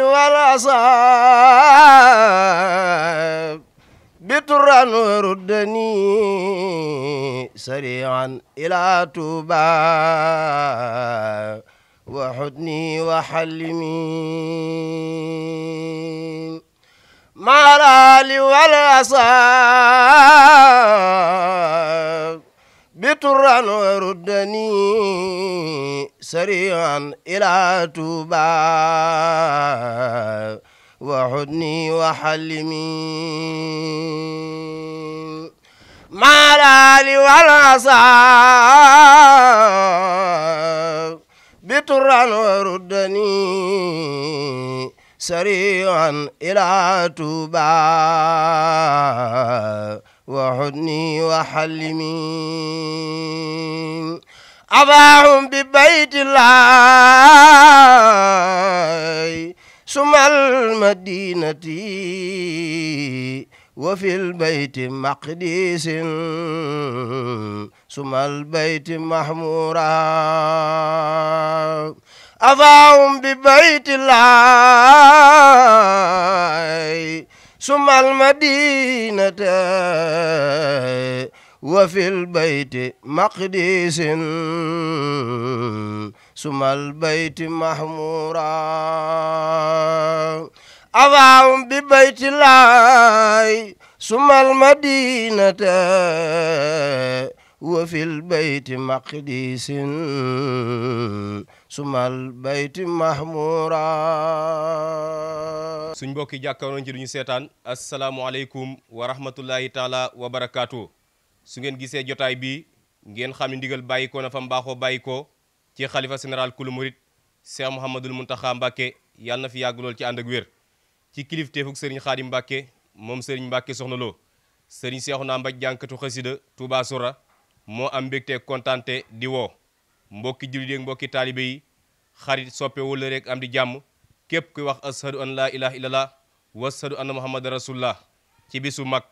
والعصاب بترا وردني سريعا إلى توبا وحدني وحلمي مع الآل والعصاب بطرا وردني سريعا إلى توبا وحدني وحلمي مع الآل والأصحاب بطرا وردني سريعا إلى توبا وحضني وحلمي أباهم ببيت الله ثم المدينة وفي البيت مقدس ثم البيت محمورا أضاهم ببيت الله summa almadinata wa fil bayti maqdisin summa albayti mahmura awaawum bi bayti laay summa almadinata wa fil bayti maqdisin sumal bayti mahmura suñ mbokki jàkkaaroon ci seetaan asalaamualeykum wa rahmatullahi taala wa su ngeen gisee jotaay bi ngeen xam ne ndigal bàyyi ko fa mbaaxoo bàyyikoo ci xalifa général kulu murit cheikh mouhamadul muntaxa mbàkke yàlla na fi yàgg lool ci ànd ak ci ci kilifteefug sëriñ xaadim mbàkke moom sëriñ mbàkke soxna loo sëriñ seexu naa mbaj jànkatu xasida tuuba moo am mbégte kontante di woo mbokki jullit yi mbokki taalibe yi xarit soppe wala rek am di jàmm képp kuy wax ashadu an laa ilaha illallah wa ashadu anna muhammadan rasulullah ci bisu mag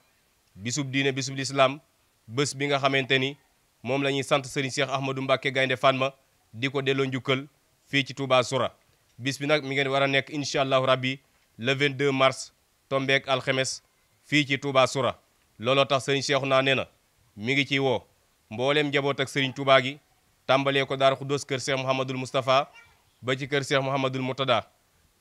bisu diine bisub lislaam bés bi nga xamante ni moom la ñuy sant sëriñ Cheikh Ahmadou Mbacke Gaynde Fatma di ko delloo njukkal fii ci Touba Soura bis bi nag mi ngeen war a nekk incha allahu rabbi le 22 mars tombeek alxemes fii ci Touba Soura looloo tax sëriñ Cheikh naa nee na mi ngi ciy woo mbooleem njaboot ak sëriñ Touba gi tàmbalee ko Daaru Xuddoos kër Cheikh Mouhamadul Moustapha ba ci kër Cheikh Mouhamadul Moutada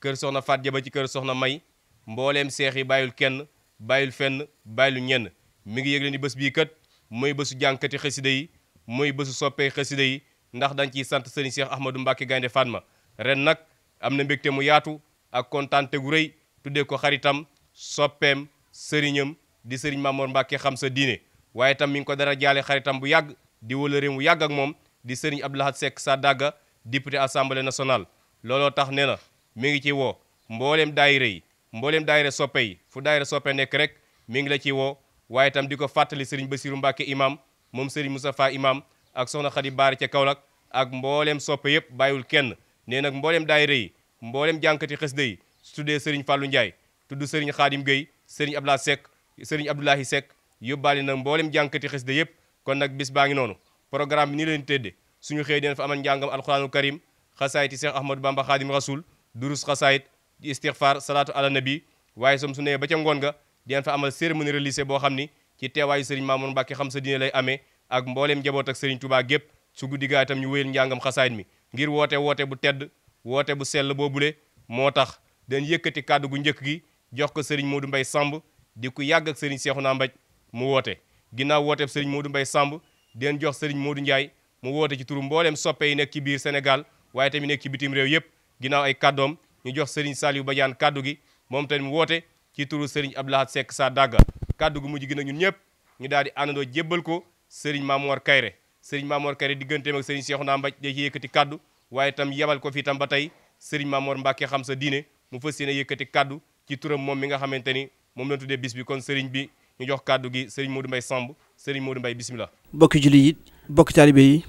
kër Soxna Faat Ja ba ci kër Soxna May mbooleem seex yi bàyyul kenn bàyyul fenn bàyyul ñenn mi ngi yëg yëgle ni bës bii kat mooy bésu jànkati xasida yi mooy bésu soppee xasida yi ndax dañ ciy sant sëriñ Cheikh Ahmadou Mbacke Gaynde Fatma ren nag am na mbégte mu yaatu ak kontaante gu rëy tuddee ko xaritam soppeem sëriñam di sëriñ Mamoor Mbacke xam sa diine waaye tam mi ngi ko dara jaale xaritam bu yàgg di wala réew mu yàgg ak moom di sëriñ Abdou Lahad Seck Sadaga député assemblée national looloo tax nee na mi ngi ci woo mbooleem daayira yi mbooleem daayira soppe yi fu daayira soppe nekk rek mi ngi la ci woo waaye itam di ko fàttali sëriñ Basiru Mbàkke imam moom sëriñ Moustapha imam ak soxna Xadi Baari ca Kaolack ak mboolem soppe yëpp bàyyiwul kenn nee nag mboolem daayira yi mbooleem jànkati xasida yi su tuddee sëriñ Fàllu Njaay tudd sëriñ Xaadim Gueye sëriñ Abdou Lahad Seck sëriñ Abdoulahi Seck yóbbaale na mbooleem jànkati xasida yëpp kon nag bis baa ngi noonu programme bi nii leen tëddee suñu xëy dina fa amal njàngam alquranul karim xasaayit yi Cheikh Ahmadou Bamba Khadim Rasoul durus xasaayit istixfar salaatu ala nabi waaye som su nee ba ca ngoon nga dina fa amal cérémonie religieuse boo xam ni ci teewaayu Serigne Mamoun mbakki xam sa diine lay amee ak mbooleem njaboot ak Serigne Touba gépp su guddi gaa itam ñu wéyal njàngam xasaayit mi ngir woote woote bu tedd woote bu sell boobule moo tax dañ yëkkati kàddu gu njëkk gi jox ko Serigne Modou Mbaye Samb di ku yàgg ak Serigne Cheikhouna Mbaj mu woote ginnaaw woote Serigne Modou Mbaye Samb di jox jox moo Modou Ndiaye mu woote ci turu mbooleem soppe yi nekk ci biir Sénégal waaye tamit nekk ci bitim réew yëpp ginnaaw ay kaddoom ñu jox Serigne saaliyu Badiane kaddu gi moom tamit mu woote ci turu Serigne Abdou Lahad Seck sa dagga kaddu gu mujj gi nag ñun ñëpp ñu daal di àndandoo jébbal ko Serigne Mamour Kayre Serigne Mamour Kayre digganteem ak Serigne Cheikhouna Mbathie day ci yëkkati kaddu waaye tam yebal ko fi tam ba tey Serigne maamoor Mbacké xam sa diine mu fas yéene yëkkati kaddu ci turam moom mi nga xamante ni moom la tuddee bis bi kon Serigne bi ñu jox kàddu gi Serigne Modou Mbaye Samb Serigne Modou Mbaye bisimilah. bokki julli yi bokki taalibe yi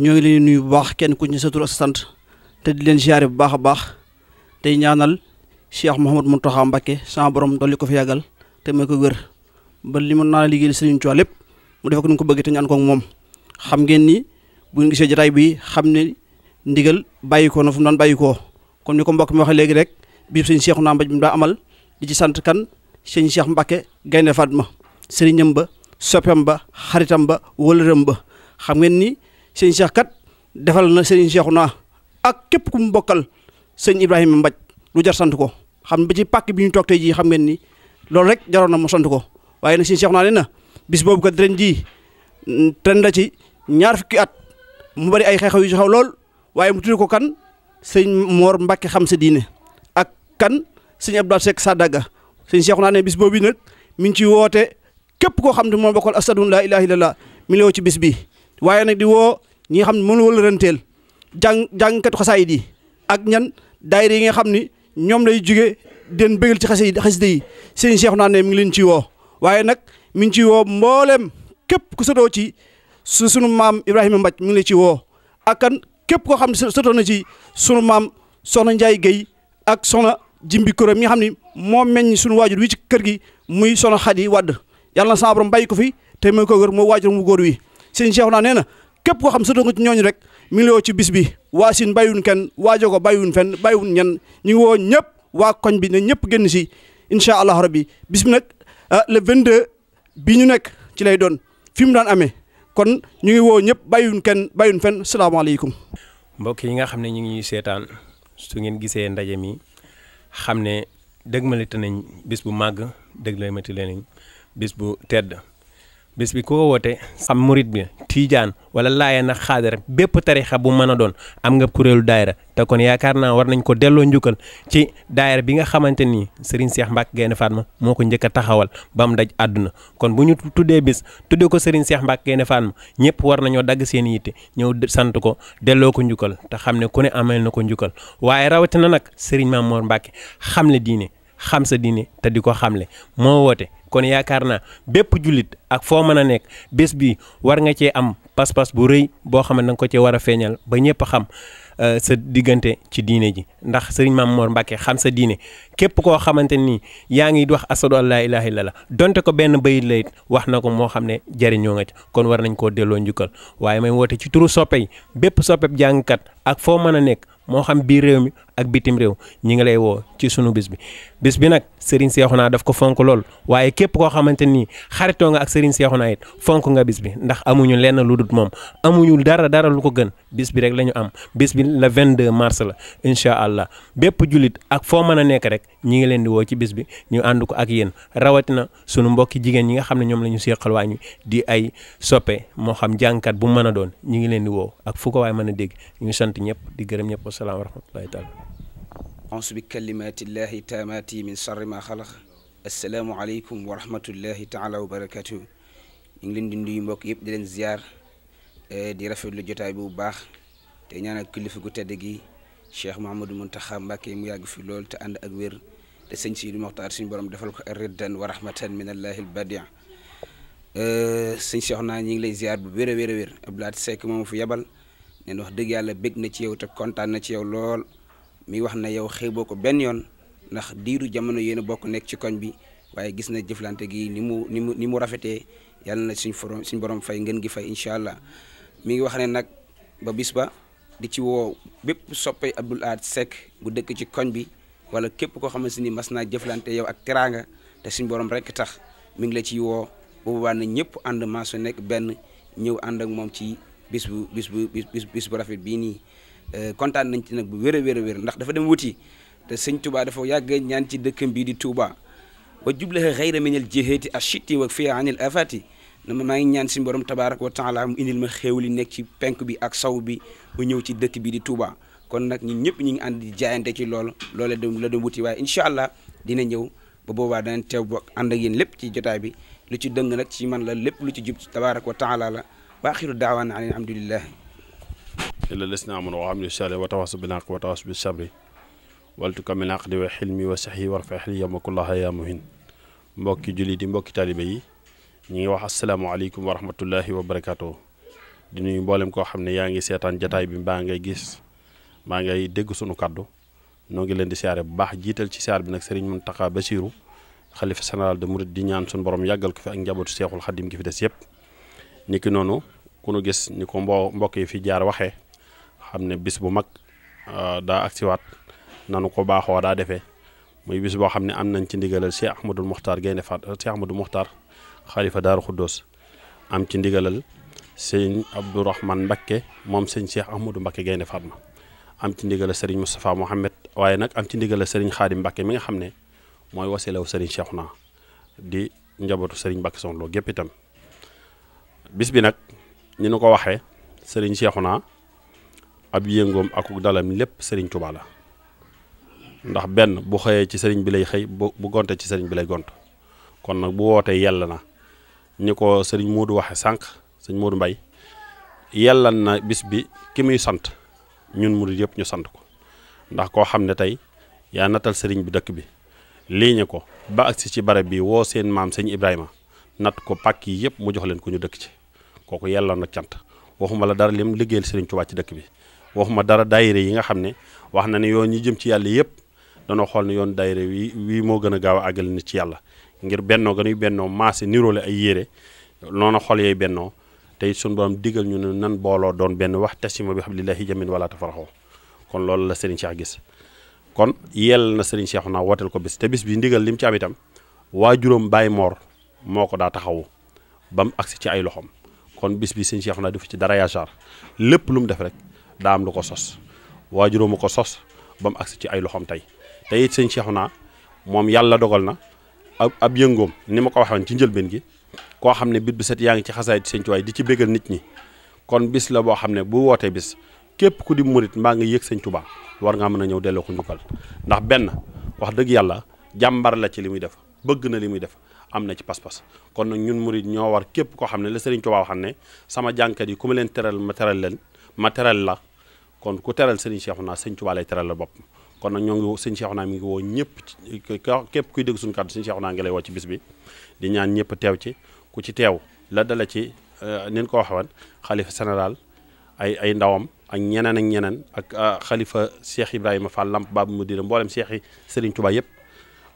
ñoo ngi leen nuyu bu baax kenn ku ci sa tur sant te di leen ziare bu baax a baax tey ñaanal Cheikh Mouhamadou Mountakha Mbacké sama borom dolli ko fi yàggal te may ko wér ba li mën naa liggéeyal Serigne Touba lépp mu def ko ni ko bëggee te ñu ànd moom xam ngeen nii bu ñu gisee jotaay bi xam ne ndigal bàyyi ko na fu mu daan bàyyi ko comme ni ko mbokk mi wax léegi rek biir Serigne Cheikhouna Mbathie bi mu daa amal sant kan. sëñ Cheikh Mbacke Gaynde Fatma sëriñam ba soppem ba xaritam ba wëlëram xam ngeen ni sëñ Cheikh kat defal na sëriñ na ak képp ku mu bokkal sëñ Ibrahima Mbaj lu jar sant ko xam ba ci pàkk bi ñu toog tey jii xam ngeen ni loolu rek jaroon na mu sant ko waaye nag sëñ Cheikhouna na bis boobu ka ren jii ren la ci ñaar fukki at mu bari ay xeexaw yu ci lool waaye mu tudd ko kan sëñ Mor Mbacke xam sa diine ak kan sëñ Abdou Seck Sadaga sëñ Cheikh naa ne bis boobu nag mi ngi ciy woote képp koo xam ne moom bokkal asadun laa ilaha illallah mi ngi woo ci bis bi waaye nag di woo ñi nga xam ne moom la wala renteel jàng jàngkatu xasaayid di ak ñan daayira yi nga xam ni ñoom lay jugee den bëggal ci xasida xasida yi sëñ Cheikh naa ne mi ngi leen ciy woo waaye nag mi ngi ciy woo mboolem képp ku sotoo ci su sunu maam Ibrahima Mbaj mi ngi lay ci woo ak kan képp koo xam ne sotoo na ci sunu maam soxna Ndiaye Guèye ak soxna Jimbi mi nga xam ne moo meññ suñu waajur wi ci kër gi muy sono Xadi Wàdd yàlla na sa ko fi te may ko wër moo waajur mu góor wi sëñ Cheikh naa nee na képp koo xam sëtoo nga ci ñooñu rek mi ngi la bis bi waa Sine bàyyiwuñ kenn waa Jogo bàyyiwuñ fenn bàyyiwuñ ñenn ñu ngi ñëpp waa koñ bi ne ñëpp génn si incha allah rabbi bis bi nag ah, le 22 bi ñu nekk ci lay doon fi mu daan amee kon ñu woo ñëpp bàyyiwuñ kenn bàyyiwuñ fenn salaamaaleykum. mbokk yi nga xam ne ñu ngi ñuy seetaan su ngeen gisee ndaje mi xam ne dëgmalite nañ bis bu màgg dëgmalite nañ bis bu tedd bis bi ko woote sam murit bi tiijaan wala laayeen ak xaadar bépp tarixa bu mën a doon am nga kuréelu daayira te kon yaakaar naa war nañ ko delloo njukkal ci daayira bi nga xamante ni Serigne Cheikh Mbacke Gaïndé Fatma moo ko njëkk a taxawal ba mu daj àdduna kon bu ñu tuddee bis tuddee ko Serigne Cheikh Mbacke Gaïndé Fatma ñëpp war nañoo dagg seen yitte ñëw sant ko delloo ko njukkal te xam ne ku ne ameel na ko njukkal waaye rawatina nag Serigne Mamour Mbacke xam le diine xam sa diine te di ko xamle moo woote kon yaakaar naa bépp jullit ak foo mën a nekk bés bi war nga cee am pas-pas bu rëy boo xam ne nga ko cee war a feeñal ba ñëpp xam euh, sa diggante ci diine ji ndax sëriñ Maam Mor Mbàkke xam sa diine képp koo xamante nii yaa ngi wax asadu an laa ilaaha la donte ko benn bayit la wax na ko moo xam ne jariñoo nga ci kon war nañ koo delloo njukkal waaye may woote ci turu soppe yi bépp soppeb jàngkat ak foo mën a nekk moo xam biir réew mi ak bitim réew ñi ngi lay woo ci sunu bis bi bis bi nag Serigne naa daf ko fonk lool waaye képp koo xamante nii xaritoo nga ak Serigne Cheikhouna it fonk nga bis bi ndax amuñu lenn lu dul moom amuñu dara dara lu ko gën bis bi rek la ñu am bis bi vingt 22 mars la incha allah bépp jullit ak foo mën a nekk rek ñi ngi leen di woo ci bis bi ñu ànd ko ak yéen rawatina sunu mbokki jigéen ñi nga xam ne ñoom la ñu seqal waa ñu di ay soppe moo xam jànkat bu mën a doon ñi ngi leen di woo ak fu ko waay mën a dégg ñu sant ñëpp di gërëm ñëpp wasalaam wa auzu bi kalimaatillaahi taamaati min sharri maa xalaq assalaamu aleykum wa rahmatullahi taala wa barakaatu ñu ngi leen di mbokk yëpp di leen ziar eh, di rafetlu jotaay bu baax te ñaanal kilifa gu tedd gi mun Mouhamadou Mountakha Mbacké mu yàgg fi lool te ànd ak wér te sëñ Sidi Moxtaar suñu borom defal ko riddan wa rahmatan min allahi al badi eh, sëñ Cheikh naa ñu ngi lay ziar bu wér a wér a wér Abdoulaye Seck moom fi yebal neen wax dëgg yàlla bég na ci yow te kontaan na ci yow lool mi wax na yow xeeboo ko benn yoon ndax diiru jamono yéen bokk nekk ci koñ bi waaye gis na jëflante gi ni mu ni mu ni mu rafetee yàlla na suñ forom suñ borom fay ngeen gi fay incha allah mi ngi wax ne nag ba bis ba di ci woo bépp soppe Abdoul Ahad Seck bu dëkk ci koñ bi wala képp koo xamante ni mas naa jëflante yow ak teraanga te suñ borom rek tax mu ngi la ci woo bu boobaa na ñëpp ànd maa su nekk benn ñëw ànd ak moom ci bis bu bis bu bis bu rafet bii nii. Euh, kontaan nañ ci nag bu wér a wér wér ndax dafa dem wuti te sëñ Touba dafa yàgg ñaan ci dëkkam bii di Touba wa jublaha xayra minal jihaati ashiti wa fiha anil afati na ma maa ñaan suñu borom tabaaraka wa taala mu indil ma xéewal nekk ci penk bi ak saw bi mu ñëw ci dëkk bii di Touba kon nag ñun ñëpp ñu ngi ànd di ci lool loole dem la dem wuti waaye incha allah dina ñëw ba boobaa danañ teew ba ànd ak yéen lépp ci jotaay bi lu ci dëng nag ci man la lépp lu ci jub tabaaraka wa taala la waaxiru daawaana an alhamdulilah illal lesina amanu wa amilu saalihaati wa tawaasaw bil haqqi wa tawaasaw bis sabri wal tukammil aqdi wa xilmi wa saxi war fa xil yamakullaha yaa muhin mbokki jullit yi mbokki taalibe yi ñu ngi wax asalaamaaleykum wa rahmatullahi wa barakaatu di nuyu mboolem koo xam ne yaa ngi seetaan jataay bi mbaa ngay gis mbaa ngay dégg sunu kàddu noo ngi leen di siyaare bu baax jiital ci siyaar bi nag Serigne Mountakha Bassirou xalifa général de Mouride di ñaan sunu borom yàggal ko fi ak njabootu seexul xadim gi fi des yëpp niki noonu ku gis ni ko mbo mbokk yi fi jaar waxee. xam ne bis bu mag euh, daa agsiwaat nanu ko baaxoo daa defee muy bis boo xam ne am nañ ci ndigalal Cheikh Ahmadul Muxtaar Gaynde Fatma Cheikh Ahmadul Muxtaar xalifa Daaru Xuddoos am ci ndigalal sëñ Abdourahman Mbakke moom sëñ Cheikh Ahmadou Mbakke Gaynde Fatma am ci ndigalal Serigne Moustapha Mohamed waaye nag am ci ndigalal Serigne Xaadim Mbakke mi nga xam ne mooy wasilaw seexu Cheikhouna di njabootu Serigne Mbakke Soxna Lo gépp itam bis bi nag ñu nu ko waxee sëriñ Serigne naa ab yëngoom akuk dalam lépp sëriñ Tuubaa la ndax benn bu xëyee ci sëriñ bi lay xëy bu bu gonte ci sëriñ bi lay gont kon nag bu wootee yàlla na ñi ko sëriñ Moodu waxe sànq sëriñ Moodu Mbay yàlla na bis bi ki muy sant ñun murid yëpp ñu sant ko ndax koo xam ne tey yaa natal sëriñ bi dëkk bi lii ñu ko ba agsi ci barab bi woo seen maam sëñ Ibrahima nat ko pàkk yi yëpp mu jox leen ko ñu dëkk ci kooku yàlla na cant waxuma la dara lim liggéeyal sëriñ Tuubaa ci dëkk bi waxuma dara daayira yi nga xam ne wax na ne yoon ñi jëm ci yàlla yëpp danoo xool ne yoon daayira wi wii moo gën a gaaw a àggali ni ci yàlla ngir bennoo ganuy bennoo maase niroole ay yére noonu xol yooyu bennoo tey suñu borom digal ñu ne nan booloo doon benn wax tasima bi hablillahi jamin wala tafaraxoo kon loolu la Serigne Cheikh gis kon yell na Serigne Cheikh naa wooteel ko bis te bis bi ndigal lim ci am itam waa juróom Baye moor moo ko daa taxawu ba mu agsi ci ay loxoom kon bis bi Serigne Cheikh naa def ci dara yaasar lépp lu mu def rek. daa am lu ko sos waajuróom a ko sos ba mu agsi ci ay loxoom tey tey it sëñ naa moom yàlla dogal na ab ab yëngoom ni ma ko waxoon ci njëlbeen gi koo xam ne bit bi set yaa ngi ci xasaay sëñ Tuubaa di ci béggal nit ñi kon bis la boo xam ne bu wootee bis képp ku di murit mbaa nga yëg sëñ Tuubaa war ngaa mën a ñëw delloo ko njukkal ndax benn wax dëgg yàlla jàmbar la ci li muy defa bëgg na li muy def am na ci pas-pas kon nag ñun murit ñoo war képp koo xam ne la sëriñ Tuubaa waxam ne sama jànkat yi ku ma leen teral ma teral leen ma teral la kon ku teral sëriñ Cheikhouna sëñ Tuubaa lay teral la bopp kon nag ñoo ngi sëñ Cheikhouna mi ngi woo ñëpp képp kuy dégg suñu kàddu sëñ Cheikhouna ngi lay woo ci bis bi di ñaan ñëpp teew ci ku ci teew la dala ci eh, nin ko waxewoon xalifa général ay ay ndawam ak ñeneen ñeneen ak eh, xalifa Cheikh Ibrahima Fall Lamp Babu Mudira mboolem Cheikh yi Sëriñ Tuubaa yëpp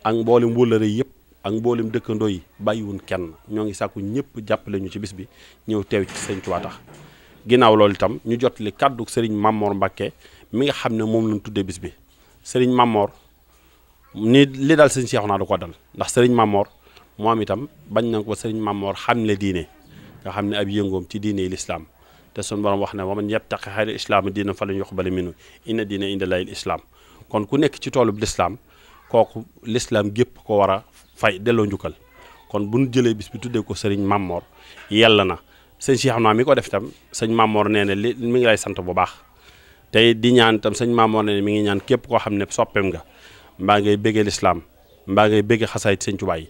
ak mboolem wóllëre yëpp ak mboolem dëkkandoo yi bàyyiwun kenn ñoo ngi sàkku ñëpp jàppale ci bis bi ñëw teew ci sëñ Tuubaa tax ginnaaw loolu itam ñu jot li kàddu sëriñ Mamor Mbacke mi nga xam ne moom lañ tuddee bis bi sëriñ mamoor ni li dal sëriñ naa du ko dal ndax sëriñ Mamor moom itam bañ na ko sëriñ Mamor xam le diine nga xam ne ab yëngoom ci diine yi lislaam te suñu borom wax ne wa man yabtaqi fa islaam diina falan yuqbala minhu inna diina inda llaahi islaam kon ku nekk ci toolub lislaam kooku lislaam gépp ko war a fay delloo njukkal kon bu ñu jëlee bis bi tuddee ko sëriñ Mamor yàlla na sëñ Cheikh naa mi ko def itam sëñ Mamor nee na li mi ngi lay sant bu baax tey di ñaan itam sëñ Mamor na mi ngi ñaan képp koo xam ne soppeem nga mbaa ngay bëggee lislaam mbaa ngay bëggee xasaayit sëñ Tuubaa yi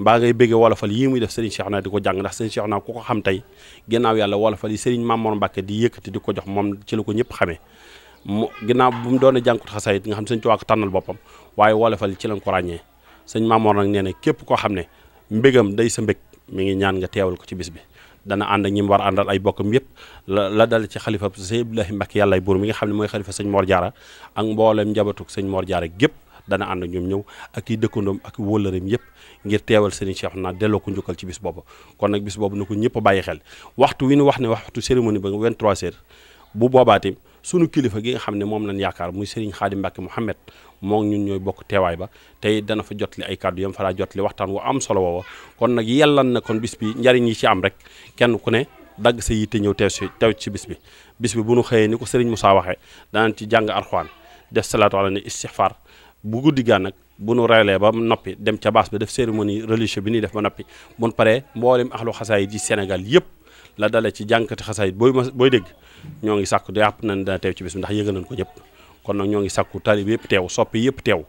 mbaa ngay bëggee wolofal yii muy def sëriñ Cheikh naa di ko jàng ndax sëñ Cheikh ku ko xam tey ginnaaw yàlla wolofal yi sëriñ Mamor Mbàkke di yëkkati di ko jox moom ci la ko ñëpp xamee mu ginnaaw bu mu doon jànkut xasaayit nga xam sëñ Tuubaa ko tànnal boppam waaye wolofal ci lañ ko ràññee sëñ Mamor nag nee képp koo xam ne mbégam day sa mbég mi ngi ñaan nga teewal ko ci bis bi dana ànd ak ñi war àndal ay bokkam yëpp la la dal ci xalifa sëñ Ibrahima Mbacke yàllay buur mi nga xam ne mooy xalifa sëñ Mor Diarra ak mboolem njabatuk sëñ Mor Diarra gépp dana ànd ñoom ñëw ak i dëkkandoom ak wóllëreem yëpp ngir teewal Serigne Cheikh naa delloo ko njukkal ci bis boobu kon nag bis boobu na ko ñëpp bàyyi xel waxtu wi ñu wax ne wax waxtu cérémonie ba 23 heures bu boobaati sunu kilifa gi nga xam ne moom lañ yaakaar muy Serigne Khadim Mbacke Mouhamed moo ñun ñooy bokk teewaay ba tey dana fa jotli ay kàddu yam fa laa jotli waxtaan wu am solo woowa kon nag yellan na kon bis bi njariñ yi ci am rek kenn ku ne dagg sa yitte ñëw teew si teew ci bis bi bis bi bu nu xëyee ni ko Serigne Moussa waxee danañ ci jàng arxuwaan def salaatu ala ne istixfar bu guddi gaan nag bu nu reelee ba noppi dem ca baas bi def cérémonie religieuse bi ñuy def ba noppi bu mboolem axlu xasaay ji Sénégal yëpp. la dale ci jànkati xasaayit booy ma booy dégg ñoo ngi sàkku yàpp nañ dana teew ci bis bi ndax yëgal nañ ko ñëpp kon nag ñoo ngi sàkku taalib yëpp teew soppi yëpp teew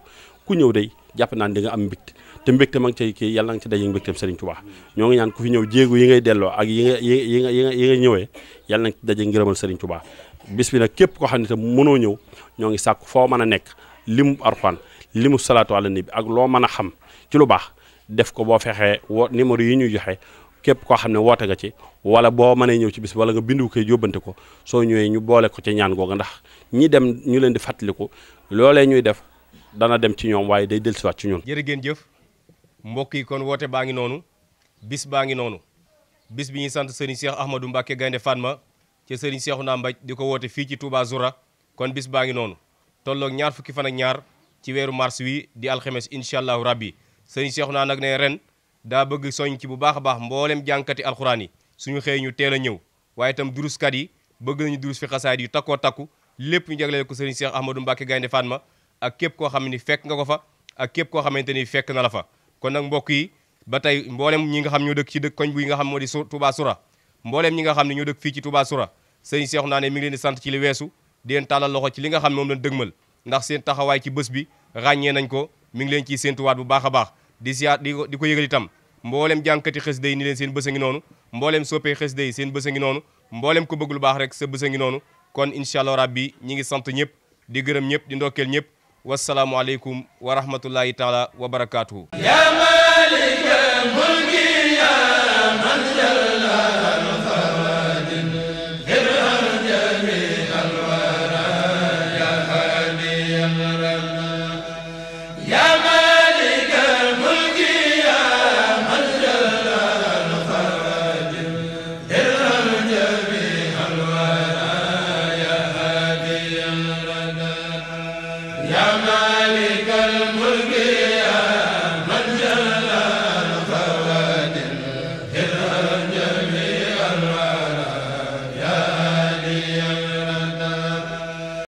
ku ñëw day jàpp naan di nga am mbégte te mbégte ma ngi cay kii yàlla nga ci daje mbégteem Serigne Touba ñoo ngi ñaan ku fi ñëw jéegu yi ngay delloo ak yi nga yi nga yi nga yi nga ñëwee yàlla nga ci daje ngërëmal Serigne Touba bis képp koo xam ne tam mënoo ñëw ñoo ngi sàkku foo mën a nekk limu Alxuraan limu salaatu ala nabi ak loo mën a xam ci lu baax def ko boo fexee wo numéro yi ñuy joxe képp koo xam ne woote nga ci wala boo mënee ñëw ci bis wala nga bindu koy yóbbante ko soo ñëwee ñu boole ko ci ñaan googa ndax ñi dem ñu leen di fàttaliku loolee ñuy def dana dem ci ñoom waaye day dellusiwaat ci ñun. jër ngeen jëf mbokk yi kon woote baa ngi noonu bis baa ngi noonu bis bi ñuy sant sëriñ Cheikh Ahmadou Mbacke Gaynde ma ci sëriñ Cheikhouna Mbaj di ko woote fii ci Touba Zoura kon bis baa ngi noonu tolloog ñaar fukki fan ñaar ci weeru mars wi di alxemes incha allahu rabbi sëriñ daa bëgg soñ ci bu baax a baax mboolem jànkati alxuraan yi suñu xëy ñu teel a ñëw waaye itam duruskat yi bëgg nañu durus fi xasaayid yu takkoo takku lépp ñu jagleel ko sëriñ Cheikh Ahmadou Mbacke Gaynde Fatma ak képp koo xam ne fekk nga ko fa ak képp koo xamante ni fekk na la fa kon nag mbokk yi ba tey mboolem ñi nga xam ñoo dëkk ci koñ bu nga xam moo di Touba Soura mboolem ñi nga xam ne ñoo dëkk fii ci Touba Soura sëriñ ne mi ngi leen sant ci li weesu di leen tàllal loxo ci li nga xam ne moom lañ dëgmal ndax seen taxawaay ci bés bi ràññee nañ ko mi ngi leen ciy séentuwaat bu baax a baax di siyaat di ko di ko yëgal itam mboolem jànkati xasida day ni leen seen bës a ngi noonu mboolem soppee xasida yi seen bës a ngi noonu mboolem ku bëgg lu baax rek sa bës a ngi noonu kon incha allah rabbi ñi ngi sant ñëpp di gërëm ñëpp di ndokkeel ñëpp wasalaamualeykum wa rahmatullahi taala wa barakaatuhu